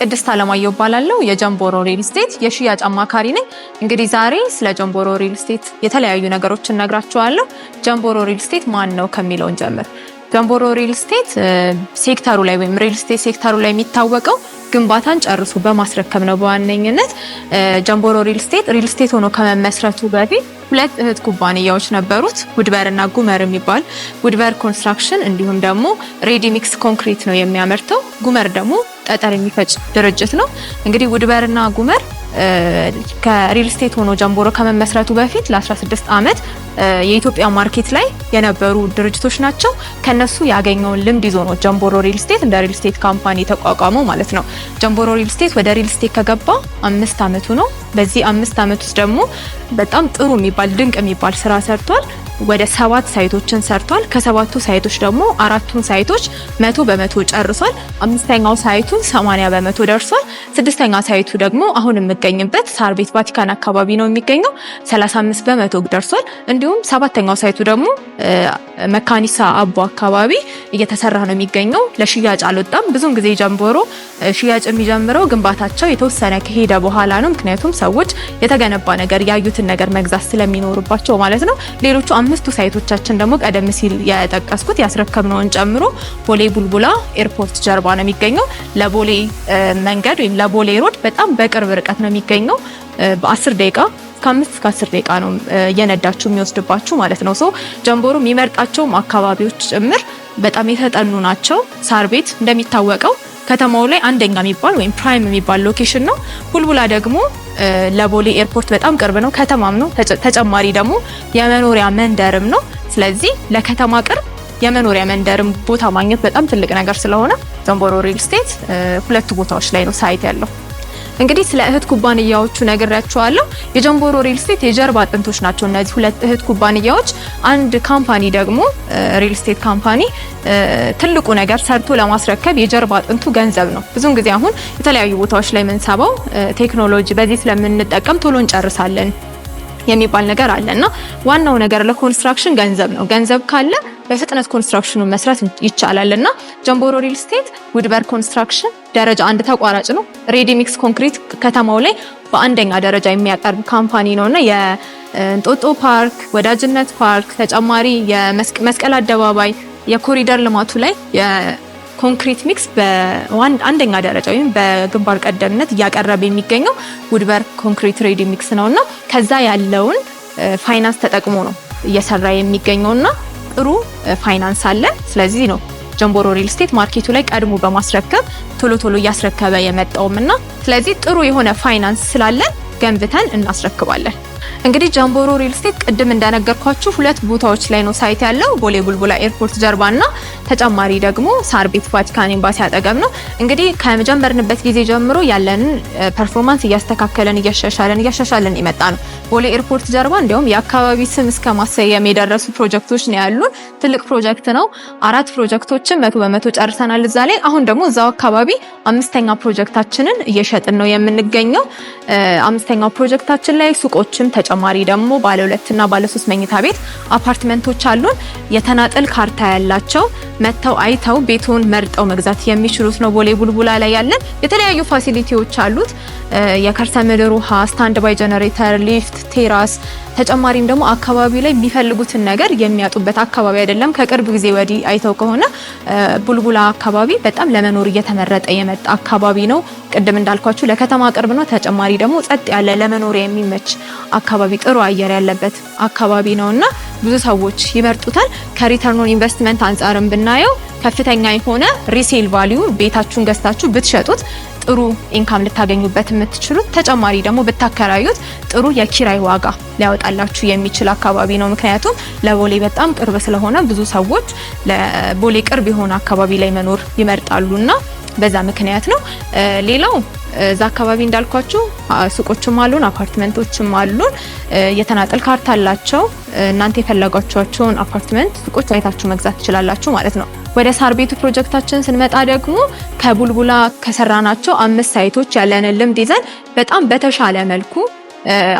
ቅድስት አለማየሁ እባላለሁ። የጀንቦሮ ሪል ስቴት የሽያጭ አማካሪ ነኝ። እንግዲህ ዛሬ ስለ ጀንቦሮ ሪል ስቴት የተለያዩ ነገሮችን እነግራችኋለሁ። ጀንቦሮ ሪል ስቴት ማን ነው ከሚለውን ጀምር። ጀንቦሮ ሪል ስቴት ሴክተሩ ላይ ወይም ሪል ስቴት ሴክተሩ ላይ የሚታወቀው ግንባታን ጨርሶ በማስረከብ ነው። በዋነኝነት ጀምቦሮ ሪል ስቴት ሪል ስቴት ሆኖ ከመመስረቱ በፊት ሁለት እህት ኩባንያዎች ነበሩት፣ ውድበር እና ጉመር የሚባል ጉድበር ኮንስትራክሽን እንዲሁም ደግሞ ሬዲ ሚክስ ኮንክሪት ነው የሚያመርተው። ጉመር ደግሞ ጠጠር የሚፈጭ ድርጅት ነው። እንግዲህ እና ጉመር ከሪል ስቴት ሆኖ ጀምቦሮ ከመመስረቱ በፊት ለ16 ዓመት የኢትዮጵያ ማርኬት ላይ የነበሩ ድርጅቶች ናቸው። ከነሱ ያገኘውን ልምድ ይዞ ነው ጀምቦሮ ሪል ስቴት እንደ ሪል ስቴት ካምፓኒ ተቋቋመው ማለት ነው። ጀምቦሮ ሪል ስቴት ወደ ሪል ስቴት ከገባ አምስት አመቱ ነው። በዚህ አምስት አመት ውስጥ ደግሞ በጣም ጥሩ የሚባል ድንቅ የሚባል ስራ ሰርቷል። ወደ ሰባት ሳይቶችን ሰርቷል። ከሰባቱ ሳይቶች ደግሞ አራቱን ሳይቶች መቶ በመቶ ጨርሷል። አምስተኛው ሳይቱ 80 በመቶ ደርሷል። ስድስተኛ ሳይቱ ደግሞ አሁን የምገኝበት ሳር ቤት ቫቲካን አካባቢ ነው የሚገኘው 35 በመቶ ደርሷል። እንዲሁም ሰባተኛው ሳይቱ ደግሞ መካኒሳ አቦ አካባቢ እየተሰራ ነው የሚገኘው። ለሽያጭ አልወጣም። ብዙን ጊዜ ጀምሮ ሽያጭ የሚጀምረው ግንባታቸው የተወሰነ ከሄደ በኋላ ነው። ምክንያቱም ሰዎች የተገነባ ነገር ያዩትን ነገር መግዛት ስለሚኖርባቸው ማለት ነው። ሌሎቹ አምስቱ ሳይቶቻችን ደግሞ ቀደም ሲል የጠቀስኩት ያስረከብነውን ጨምሮ ቦሌ ቡልቡላ ኤርፖርት ጀርባ ነው የሚገኘው። ለቦሌ መንገድ ወይም ለቦሌ ሮድ በጣም በቅርብ ርቀት ነው የሚገኘው። በ10 ደቂቃ ከአምስት እስከ አስር ደቂቃ ነው እየነዳችሁ የሚወስድባችሁ ማለት ነው። ሶ ጀንቦሮ የሚመርጣቸውም አካባቢዎች ጭምር በጣም የተጠኑ ናቸው። ሳር ቤት እንደሚታወቀው ከተማው ላይ አንደኛ የሚባል ወይም ፕራይም የሚባል ሎኬሽን ነው። ቡልቡላ ደግሞ ለቦሌ ኤርፖርት በጣም ቅርብ ነው፣ ከተማም ነው። ተጨማሪ ደግሞ የመኖሪያ መንደርም ነው። ስለዚህ ለከተማ ቅርብ የመኖሪያ መንደርም ቦታ ማግኘት በጣም ትልቅ ነገር ስለሆነ ዘንቦሮ ሪል ስቴት ሁለቱ ቦታዎች ላይ ነው ሳይት ያለው። እንግዲህ ስለ እህት ኩባንያዎቹ ነግሬያችኋለሁ። የጀንቦሮ ሪል ስቴት የጀርባ አጥንቶች ናቸው እነዚህ ሁለት እህት ኩባንያዎች። አንድ ካምፓኒ ደግሞ ሪል ስቴት ካምፓኒ ትልቁ ነገር ሰርቶ ለማስረከብ የጀርባ አጥንቱ ገንዘብ ነው። ብዙን ጊዜ አሁን የተለያዩ ቦታዎች ላይ የምንሰባው ቴክኖሎጂ በዚህ ስለምንጠቀም ቶሎ እንጨርሳለን የሚባል ነገር አለ እና ዋናው ነገር ለኮንስትራክሽን ገንዘብ ነው። ገንዘብ ካለ በፍጥነት ኮንስትራክሽኑን መስራት ይቻላል እና ጀምቦሮ ሪል ስቴት ውድበር ኮንስትራክሽን ደረጃ አንድ ተቋራጭ ነው። ሬዲሚክስ ኮንክሪት ከተማው ላይ በአንደኛ ደረጃ የሚያቀርብ ካምፓኒ ነው እና የእንጦጦ ፓርክ፣ ወዳጅነት ፓርክ ተጨማሪ የመስቀል አደባባይ የኮሪደር ልማቱ ላይ ኮንክሪት ሚክስ በአንደኛ ደረጃ ወይም በግንባር ቀደምነት እያቀረበ የሚገኘው ውድበር ኮንክሪት ሬዲ ሚክስ ነው እና ከዛ ያለውን ፋይናንስ ተጠቅሞ ነው እየሰራ የሚገኘው እና ጥሩ ፋይናንስ አለን። ስለዚህ ነው ጀምቦሮ ሪል ስቴት ማርኬቱ ላይ ቀድሞ በማስረከብ ቶሎ ቶሎ እያስረከበ የመጣውም እና ስለዚህ ጥሩ የሆነ ፋይናንስ ስላለን ገንብተን እናስረክባለን። እንግዲህ ጀምቦሮ ሪል ስቴት ቅድም እንደነገርኳችሁ ሁለት ቦታዎች ላይ ነው ሳይት ያለው፣ ቦሌ ቡልቡላ ኤርፖርት ጀርባ ና ተጨማሪ ደግሞ ሳር ቤት ቫቲካን ኤምባሲ አጠገብ ነው። እንግዲህ ከመጀመርንበት ጊዜ ጀምሮ ያለንን ፐርፎርማንስ እያስተካከለን እያሻሻለን እያሻሻለን የመጣ ነው። ቦሌ ኤርፖርት ጀርባ እንዲሁም የአካባቢ ስም እስከ ማሰየም የደረሱ ፕሮጀክቶች ነው ያሉን። ትልቅ ፕሮጀክት ነው። አራት ፕሮጀክቶችን መቶ በመቶ ጨርሰናል እዛ ላይ። አሁን ደግሞ እዛው አካባቢ አምስተኛ ፕሮጀክታችንን እየሸጥን ነው የምንገኘው። አምስተኛው ፕሮጀክታችን ላይ ሱቆችም ተጨማሪ ደግሞ ባለ ሁለትና ባለ ሶስት መኝታ ቤት አፓርትመንቶች አሉን። የተናጠል ካርታ ያላቸው መጥተው አይተው ቤቱን መርጠው መግዛት የሚችሉት ነው። ቦሌ ቡልቡላ ላይ ያለን የተለያዩ ፋሲሊቲዎች አሉት። የከርሰ ምድር ውሃ፣ ስታንድ ባይ ጀነሬተር፣ ሊፍት ቴራስ፣ ተጨማሪም ደግሞ አካባቢው ላይ የሚፈልጉትን ነገር የሚያጡበት አካባቢ አይደለም። ከቅርብ ጊዜ ወዲህ አይተው ከሆነ ቡልቡላ አካባቢ በጣም ለመኖር እየተመረጠ የመጣ አካባቢ ነው። ቅድም እንዳልኳችሁ ለከተማ ቅርብ ነው። ተጨማሪ ደግሞ ጸጥ ያለ ለመኖር የሚመች አካባቢ፣ ጥሩ አየር ያለበት አካባቢ ነውና ብዙ ሰዎች ይመርጡታል። ከሪተርን ኦን ኢንቨስትመንት አንጻርም ብናየው ከፍተኛ የሆነ ሪሴል ቫሊዩ ቤታችሁን ገዝታችሁ ብትሸጡት ጥሩ ኢንካም ልታገኙበት የምትችሉት ተጨማሪ ደግሞ ብታከራዩት ጥሩ የኪራይ ዋጋ ሊያወጣላችሁ የሚችል አካባቢ ነው። ምክንያቱም ለቦሌ በጣም ቅርብ ስለሆነ ብዙ ሰዎች ለቦሌ ቅርብ የሆነ አካባቢ ላይ መኖር ይመርጣሉና በዛ ምክንያት ነው። ሌላው እዛ አካባቢ እንዳልኳችሁ ሱቆችም አሉን፣ አፓርትመንቶችም አሉን። የተናጠል ካርታ አላቸው። እናንተ የፈለጋችኋቸውን አፓርትመንት ሱቆች አይታችሁ መግዛት ትችላላችሁ ማለት ነው። ወደ ሳር ቤቱ ፕሮጀክታችን ስንመጣ ደግሞ ከቡልቡላ ከሰራናቸው አምስት ሳይቶች ያለንን ልምድ ይዘን በጣም በተሻለ መልኩ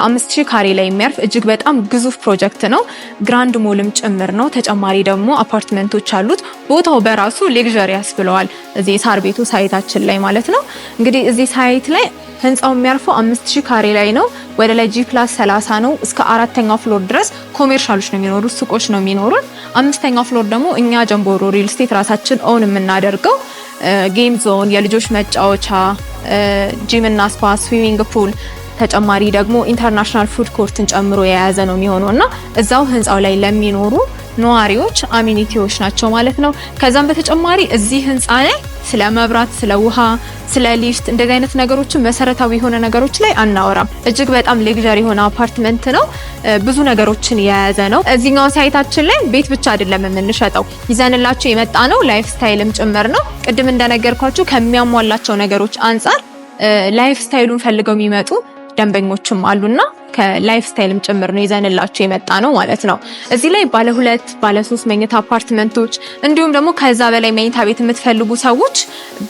አምስት ሺህ ካሬ ላይ የሚያርፍ እጅግ በጣም ግዙፍ ፕሮጀክት ነው። ግራንድ ሞልም ጭምር ነው። ተጨማሪ ደግሞ አፓርትመንቶች አሉት። ቦታው በራሱ ሌግዣሪ ብለዋል። እዚህ ሳር ቤቱ ሳይታችን ላይ ማለት ነው። እንግዲህ እዚህ ሳይት ላይ ህንፃው የሚያርፈው 5000 ካሬ ላይ ነው። ወደ ላይ ጂ ፕላስ 30 ነው። እስከ አራተኛው ፍሎር ድረስ ኮሜርሻሎች ነው የሚኖሩ ሱቆች ነው የሚኖሩ። አምስተኛው ፍሎር ደግሞ እኛ ጀምቦሮ ሪል ስቴት ራሳችን ኦን የምናደርገው ጌም ዞን፣ የልጆች መጫወቻ፣ ጂም እና ስፓ፣ ስዊሚንግ ፑል ተጨማሪ ደግሞ ኢንተርናሽናል ፉድ ኮርትን ጨምሮ የያዘ ነው የሚሆነው እና እዛው ህንፃው ላይ ለሚኖሩ ነዋሪዎች አሚኒቲዎች ናቸው ማለት ነው። ከዛም በተጨማሪ እዚህ ህንፃ ላይ ስለ መብራት፣ ስለ ውሃ፣ ስለ ሊፍት እንደዚህ አይነት ነገሮችን መሰረታዊ የሆነ ነገሮች ላይ አናወራም። እጅግ በጣም ሌግዣሪ የሆነ አፓርትመንት ነው። ብዙ ነገሮችን የያዘ ነው። እዚኛው ሳይታችን ላይ ቤት ብቻ አይደለም የምንሸጠው፣ ይዘንላቸው የመጣ ነው ላይፍ ስታይልም ጭምር ነው። ቅድም እንደነገርኳችሁ ከሚያሟላቸው ነገሮች አንጻር ላይፍ ስታይሉን ፈልገው የሚመጡ ደንበኞችም አሉና ከላይፍ ስታይልም ጭምር ነው ይዘንላችሁ የመጣ ነው ማለት ነው። እዚህ ላይ ባለ ሁለት ባለ ሶስት መኝታ አፓርትመንቶች እንዲሁም ደግሞ ከዛ በላይ መኝታ ቤት የምትፈልጉ ሰዎች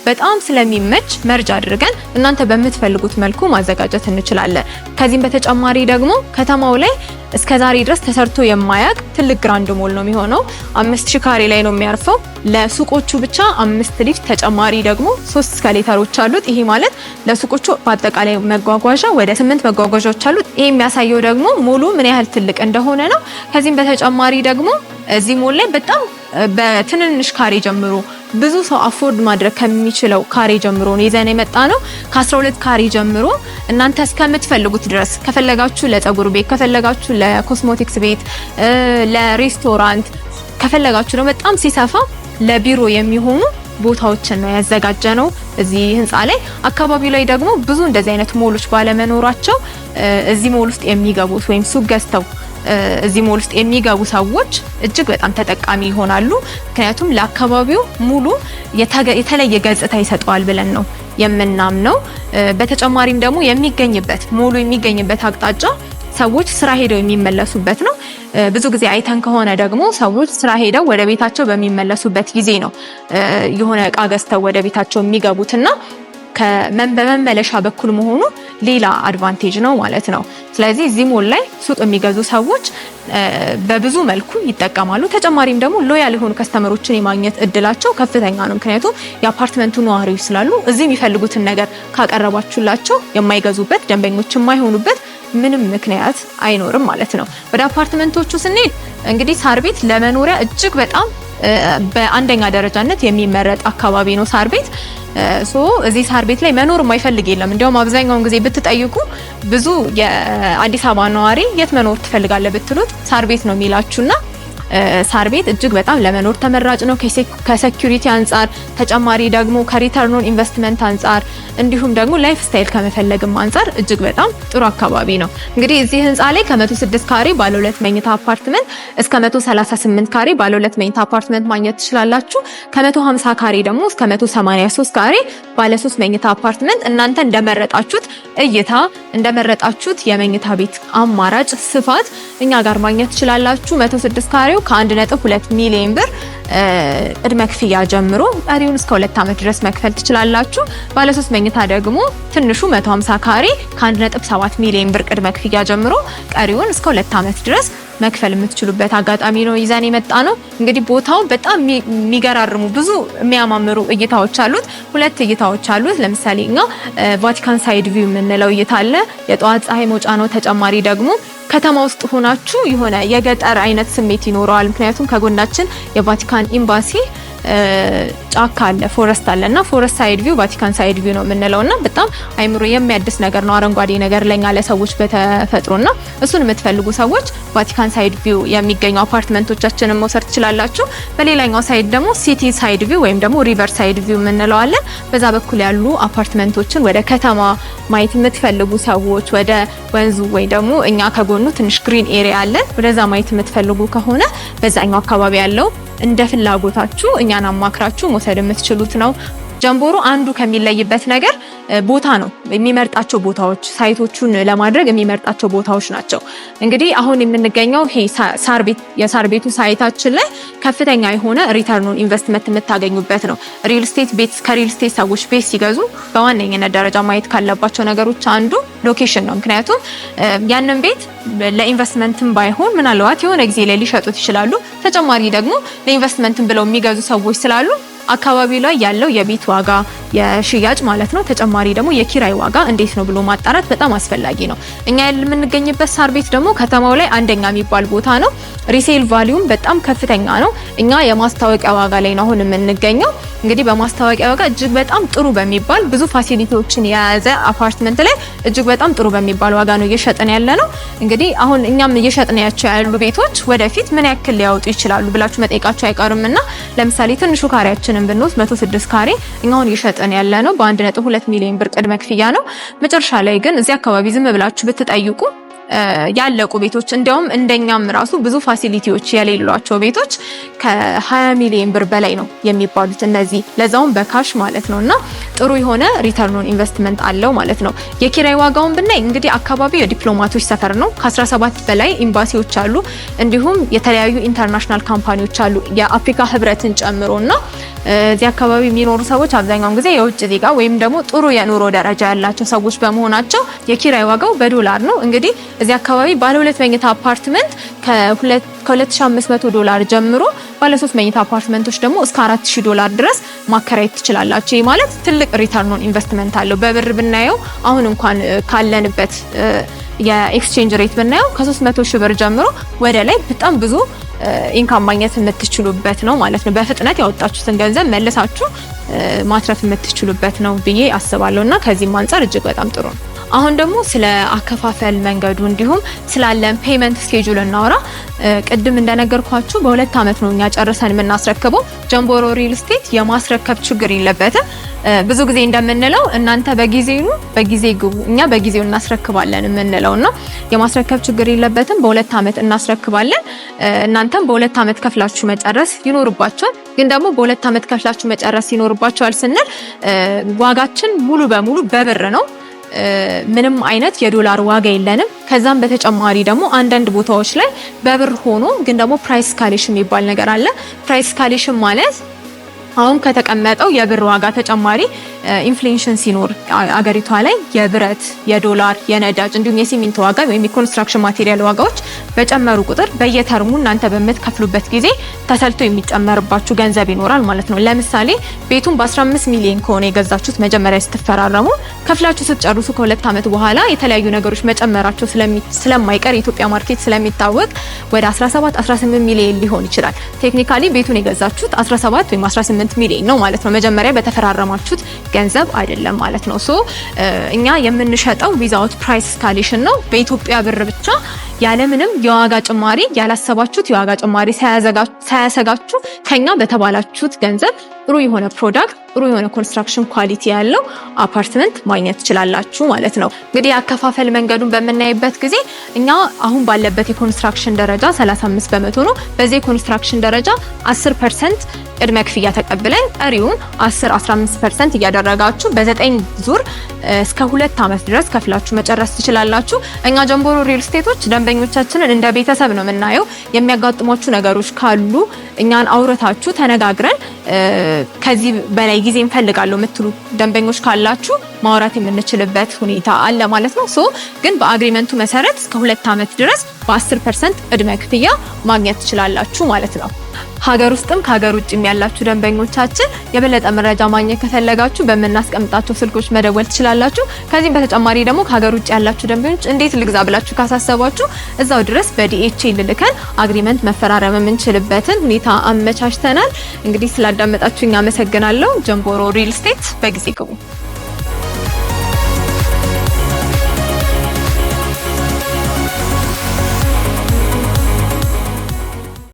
በጣም ስለሚመች መርጅ አድርገን እናንተ በምትፈልጉት መልኩ ማዘጋጀት እንችላለን። ከዚህም በተጨማሪ ደግሞ ከተማው ላይ እስከ ዛሬ ድረስ ተሰርቶ የማያውቅ ትልቅ ግራንድ ሞል ነው የሚሆነው። አምስት ሺህ ካሬ ላይ ነው የሚያርፈው። ለሱቆቹ ብቻ አምስት ሊፍት ተጨማሪ ደግሞ ሶስት ስካሌተሮች አሉት። ይሄ ማለት ለሱቆቹ በአጠቃላይ መጓጓዣ ወደ ስምንት መጓጓዣዎች አሉት። ይሄ የሚያሳየው ደግሞ ሞሉ ምን ያህል ትልቅ እንደሆነ ነው። ከዚህም በተጨማሪ ደግሞ እዚህ ሞል ላይ በጣም በትንንሽ ካሬ ጀምሮ ብዙ ሰው አፎርድ ማድረግ ከሚችለው ካሬ ጀምሮ ነው ይዘን የመጣ ነው። ከ12 ካሬ ጀምሮ እናንተ እስከምትፈልጉት ድረስ ከፈለጋችሁ ለፀጉር ቤት፣ ከፈለጋችሁ ለኮስሞቲክስ ቤት፣ ለሬስቶራንት ከፈለጋችሁ ነው በጣም ሲሰፋ ለቢሮ የሚሆኑ ቦታዎችን ነው ያዘጋጀ ነው እዚህ ህንፃ ላይ። አካባቢው ላይ ደግሞ ብዙ እንደዚህ አይነት ሞሎች ባለመኖራቸው እዚህ ሞል ውስጥ የሚገቡት ወይም ሱቅ ገዝተው እዚህ ሞል ውስጥ የሚገቡ ሰዎች እጅግ በጣም ተጠቃሚ ይሆናሉ። ምክንያቱም ለአካባቢው ሙሉ የተለየ ገጽታ ይሰጠዋል ብለን ነው የምናምነው። በተጨማሪም ደግሞ የሚገኝበት ሞሉ የሚገኝበት አቅጣጫ ሰዎች ስራ ሄደው የሚመለሱበት ነው። ብዙ ጊዜ አይተን ከሆነ ደግሞ ሰዎች ስራ ሄደው ወደ ቤታቸው በሚመለሱበት ጊዜ ነው የሆነ እቃ ገዝተው ወደ ቤታቸው የሚገቡትና በመመለሻ በኩል መሆኑ ሌላ አድቫንቴጅ ነው ማለት ነው። ስለዚህ እዚህ ሞል ላይ ሱቅ የሚገዙ ሰዎች በብዙ መልኩ ይጠቀማሉ። ተጨማሪም ደግሞ ሎያል የሆኑ ከስተመሮችን የማግኘት እድላቸው ከፍተኛ ነው። ምክንያቱም የአፓርትመንቱ ነዋሪዎች ስላሉ እዚህ የሚፈልጉትን ነገር ካቀረባችሁላቸው የማይገዙበት ደንበኞች የማይሆኑበት ምንም ምክንያት አይኖርም ማለት ነው። ወደ አፓርትመንቶቹ ስንሄድ እንግዲህ ሳር ቤት ለመኖሪያ እጅግ በጣም በአንደኛ ደረጃነት የሚመረጥ አካባቢ ነው ሳር ቤት። ሶ እዚህ ሳር ቤት ላይ መኖር የማይፈልግ የለም። እንዲያውም አብዛኛውን ጊዜ ብትጠይቁ ብዙ የአዲስ አበባ ነዋሪ የት መኖር ትፈልጋለህ ብትሉት ሳር ቤት ነው የሚላችሁና ሳር ቤት እጅግ በጣም ለመኖር ተመራጭ ነው። ከሴኩሪቲ አንጻር ተጨማሪ ደግሞ ከሪተርን ኢንቨስትመንት አንጻር እንዲሁም ደግሞ ላይፍ ስታይል ከመፈለግም አንጻር እጅግ በጣም ጥሩ አካባቢ ነው። እንግዲህ እዚህ ህንፃ ላይ ከ106 ካሬ ባለ ሁለት መኝታ አፓርትመንት እስከ 138 ካሬ ባለ ሁለት መኝታ አፓርትመንት ማግኘት ትችላላችሁ። ከ150 ካሬ ደግሞ እስከ 183 ካሬ ባለ ሶስት መኝታ አፓርትመንት እናንተ እንደመረጣችሁት እይታ እንደመረጣችሁት የመኝታ ቤት አማራጭ ስፋት እኛ ጋር ማግኘት ትችላላችሁ። 106 ካሬ ስታዩ ከ1.2 ሚሊዮን ብር ቅድመ ክፍያ ጀምሮ ቀሪውን እስከ ሁለት ዓመት ድረስ መክፈል ትችላላችሁ። ባለ 3 መኝታ ደግሞ ትንሹ 150 ካሬ ከ1.7 ሚሊዮን ብር ቅድመ ክፍያ ጀምሮ ቀሪውን እስከ ሁለት ዓመት ድረስ መክፈል የምትችሉበት አጋጣሚ ነው ይዘን የመጣ ነው። እንግዲህ ቦታው በጣም የሚገራርሙ ብዙ የሚያማምሩ እይታዎች አሉት። ሁለት እይታዎች አሉት። ለምሳሌ እኛ ቫቲካን ሳይድ ቪው የምንለው እይታ አለ። የጠዋት ፀሐይ መውጫ ነው። ተጨማሪ ደግሞ ከተማ ውስጥ ሆናችሁ የሆነ የገጠር አይነት ስሜት ይኖረዋል። ምክንያቱም ከጎናችን የቫቲካን ኤምባሲ ጫካ አለ፣ ፎረስት አለ እና ፎረስት ሳይድ ቪው ቫቲካን ሳይድ ቪው ነው የምንለው እና በጣም አይምሮ የሚያድስ ነገር ነው። አረንጓዴ ነገር ለኛ ለሰዎች በተፈጥሮ እና እሱን የምትፈልጉ ሰዎች ቫቲካን ሳይድ ቪው የሚገኙ አፓርትመንቶቻችንን መውሰድ ትችላላችሁ። በሌላኛው ሳይድ ደግሞ ሲቲ ሳይድ ቪው ወይም ደግሞ ሪቨር ሳይድ ቪው የምንለው በዛ በኩል ያሉ አፓርትመንቶችን ወደ ከተማ ማየት የምትፈልጉ ሰዎች ወደ ወንዙ ወይ ደግሞ እኛ ከጎኑ ትንሽ ግሪን ኤሪያ አለን ወደዛ ማየት የምትፈልጉ ከሆነ በዛኛው አካባቢ ያለው እንደ ፍላጎታችሁ እኛን አማክራችሁ መውሰድ የምትችሉት ነው። ጀምቦሮ አንዱ ከሚለይበት ነገር ቦታ ነው። የሚመርጣቸው ቦታዎች ሳይቶቹን ለማድረግ የሚመርጣቸው ቦታዎች ናቸው። እንግዲህ አሁን የምንገኘው የሳር ቤቱ ሳይታችን ላይ ከፍተኛ የሆነ ሪተርኑን ኢንቨስትመንት የምታገኙበት ነው። ሪል ስቴት ቤት ከሪል ስቴት ሰዎች ቤት ሲገዙ በዋነኝነት ደረጃ ማየት ካለባቸው ነገሮች አንዱ ሎኬሽን ነው። ምክንያቱም ያንን ቤት ለኢንቨስትመንትም ባይሆን ምናልባት የሆነ ጊዜ ላይ ሊሸጡት ይችላሉ። ተጨማሪ ደግሞ ለኢንቨስትመንትም ብለው የሚገዙ ሰዎች ስላሉ አካባቢው ላይ ያለው የቤት ዋጋ የሽያጭ ማለት ነው፣ ተጨማሪ ደግሞ የኪራይ ዋጋ እንዴት ነው ብሎ ማጣራት በጣም አስፈላጊ ነው። እኛ የምንገኝበት ሳር ቤት ደግሞ ከተማው ላይ አንደኛ የሚባል ቦታ ነው። ሪሴል ቫሊዩም በጣም ከፍተኛ ነው። እኛ የማስታወቂያ ዋጋ ላይ ነው አሁን የምንገኘው። እንግዲህ በማስታወቂያ ዋጋ እጅግ በጣም ጥሩ በሚባል ብዙ ፋሲሊቲዎችን የያዘ አፓርትመንት ላይ እጅግ በጣም ጥሩ በሚባል ዋጋ ነው እየሸጥን ያለ ነው። እንግዲህ አሁን እኛም እየሸጥን ያቸው ያሉ ቤቶች ወደፊት ምን ያክል ሊያወጡ ይችላሉ ብላችሁ መጠየቃችሁ አይቀርም እና ለምሳሌ ትንሹ ካሬያችንን ብንወስድ 106 ካሬ እኛ አሁን እየሸጥን ያለ ነው በ1.2 ሚሊዮን ብር ቅድመ ክፍያ ነው። መጨረሻ ላይ ግን እዚህ አካባቢ ዝም ብላችሁ ብትጠይቁ ያለቁ ቤቶች እንዲያውም እንደኛም ራሱ ብዙ ፋሲሊቲዎች የሌሏቸው ቤቶች ከ20 ሚሊዮን ብር በላይ ነው የሚባሉት እነዚህ ለዛውም በካሽ ማለት ነው። እና ጥሩ የሆነ ሪተርን ኦን ኢንቨስትመንት አለው ማለት ነው። የኪራይ ዋጋውን ብናይ እንግዲህ አካባቢው የዲፕሎማቶች ሰፈር ነው። ከ17 በላይ ኤምባሲዎች አሉ፣ እንዲሁም የተለያዩ ኢንተርናሽናል ካምፓኒዎች አሉ የአፍሪካ ህብረትን ጨምሮ እና እዚህ አካባቢ የሚኖሩ ሰዎች አብዛኛውን ጊዜ የውጭ ዜጋ ወይም ደግሞ ጥሩ የኑሮ ደረጃ ያላቸው ሰዎች በመሆናቸው የኪራይ ዋጋው በዶላር ነው እንግዲህ እዚህ አካባቢ ባለ ሁለት መኝታ አፓርትመንት ከ2500 ዶላር ጀምሮ ባለ ሶስት መኝታ አፓርትመንቶች ደግሞ እስከ 4000 ዶላር ድረስ ማከራየት ትችላላችሁ። ይህ ማለት ትልቅ ሪተርን ኦን ኢንቨስትመንት አለው። በብር ብናየው አሁን እንኳን ካለንበት የኤክስቼንጅ ሬት ብናየው ከ300 ሺህ ብር ጀምሮ ወደ ላይ በጣም ብዙ ኢንካም ማግኘት የምትችሉበት ነው ማለት ነው። በፍጥነት ያወጣችሁትን ገንዘብ መልሳችሁ ማትረፍ የምትችሉበት ነው ብዬ አስባለሁ እና ከዚህም አንጻር እጅግ በጣም ጥሩ ነው። አሁን ደግሞ ስለ አከፋፈል መንገዱ እንዲሁም ስላለን ፔመንት ስኬጁል እናወራ። ቅድም እንደነገርኳችሁ በሁለት አመት ነው እኛ ጨርሰን የምናስረክበው። ጀምቦሮ ሪል ስቴት የማስረከብ ችግር የለበትም። ብዙ ጊዜ እንደምንለው እናንተ በጊዜ ኑ፣ በጊዜ ግቡ፣ እኛ በጊዜው እናስረክባለን የምንለው ነው። የማስረከብ ችግር የለበትም። በሁለት አመት እናስረክባለን። እናንተም በሁለት አመት ከፍላችሁ መጨረስ ይኖርባችኋል። ግን ደግሞ በሁለት አመት ከፍላችሁ መጨረስ ይኖርባችኋል ስንል ዋጋችን ሙሉ በሙሉ በብር ነው ምንም አይነት የዶላር ዋጋ የለንም። ከዛም በተጨማሪ ደግሞ አንዳንድ ቦታዎች ላይ በብር ሆኖ ግን ደግሞ ፕራይስ ካሌሽን የሚባል ነገር አለ። ፕራይስ ካሌሽን ማለት አሁን ከተቀመጠው የብር ዋጋ ተጨማሪ ኢንፍሌሽን ሲኖር አገሪቷ ላይ የብረት፣ የዶላር፣ የነዳጅ እንዲሁም የሲሚንቶ ዋጋ ወይም የኮንስትራክሽን ማቴሪያል ዋጋዎች በጨመሩ ቁጥር በየተርሙ እናንተ በምትከፍሉበት ጊዜ ተሰልቶ የሚጨመርባችሁ ገንዘብ ይኖራል ማለት ነው። ለምሳሌ ቤቱን በ15 ሚሊዮን ከሆነ የገዛችሁት መጀመሪያ ስትፈራረሙ ከፍላችሁ ስትጨርሱ ከሁለት ዓመት በኋላ የተለያዩ ነገሮች መጨመራቸው ስለማይቀር የኢትዮጵያ ማርኬት ስለሚታወቅ ወደ 17 18 ሚሊዮን ሊሆን ይችላል። ቴክኒካሊ ቤቱን የገዛችሁት 17 ወይም 18 8 ሚሊዮን ነው ማለት ነው። መጀመሪያ በተፈራረማችሁት ገንዘብ አይደለም ማለት ነው። ሶ እኛ የምንሸጠው ቪዛውት ፕራይስ ስካሌሽን ነው በኢትዮጵያ ብር ብቻ ያለምንም የዋጋ ጭማሪ ያላሰባችሁት የዋጋ ጭማሪ ሳያሰጋችሁ ከኛ በተባላችሁት ገንዘብ ጥሩ የሆነ ፕሮዳክት ጥሩ የሆነ ኮንስትራክሽን ኳሊቲ ያለው አፓርትመንት ማግኘት ትችላላችሁ ማለት ነው። እንግዲህ የአከፋፈል መንገዱን በምናይበት ጊዜ እኛ አሁን ባለበት የኮንስትራክሽን ደረጃ 35 በመቶ ነው። በዚህ የኮንስትራክሽን ደረጃ 10 ፐርሰንት ቅድመ ክፍያ ተቀብለን ቀሪውን 10 15 ፐርሰንት እያደረጋችሁ በ9 ዙር እስከ ሁለት ዓመት ድረስ ከፍላችሁ መጨረስ ትችላላችሁ። እኛ ጀንቦሮ ሪል ስቴቶች ደንበኞቻችንን እንደ ቤተሰብ ነው የምናየው። የሚያጋጥሟችሁ ነገሮች ካሉ እኛን አውረታችሁ ተነጋግረን ከዚህ በላይ ጊዜ እንፈልጋለሁ የምትሉ ደንበኞች ካላችሁ ማውራት የምንችልበት ሁኔታ አለ ማለት ነው። ሶ ግን በአግሪመንቱ መሰረት እስከ ሁለት ዓመት ድረስ በ10 ፐርሰንት ቅድመ ክፍያ ማግኘት ትችላላችሁ ማለት ነው። ሀገር ውስጥም ከሀገር ውጭም ያላችሁ ደንበኞቻችን የበለጠ መረጃ ማግኘት ከፈለጋችሁ በምናስቀምጣቸው ስልኮች መደወል ትችላላችሁ። ከዚህም በተጨማሪ ደግሞ ከሀገር ውጭ ያላችሁ ደንበኞች እንዴት ልግዛ ብላችሁ ካሳሰባችሁ እዛው ድረስ በዲኤችኤል ልልከን አግሪመንት መፈራረም የምንችልበትን ሁኔታ አመቻችተናል። እንግዲህ ስላዳመጣችሁኝ አመሰግናለሁ። ጀንቦሮ ሪል ስቴት በጊዜ ግቡ።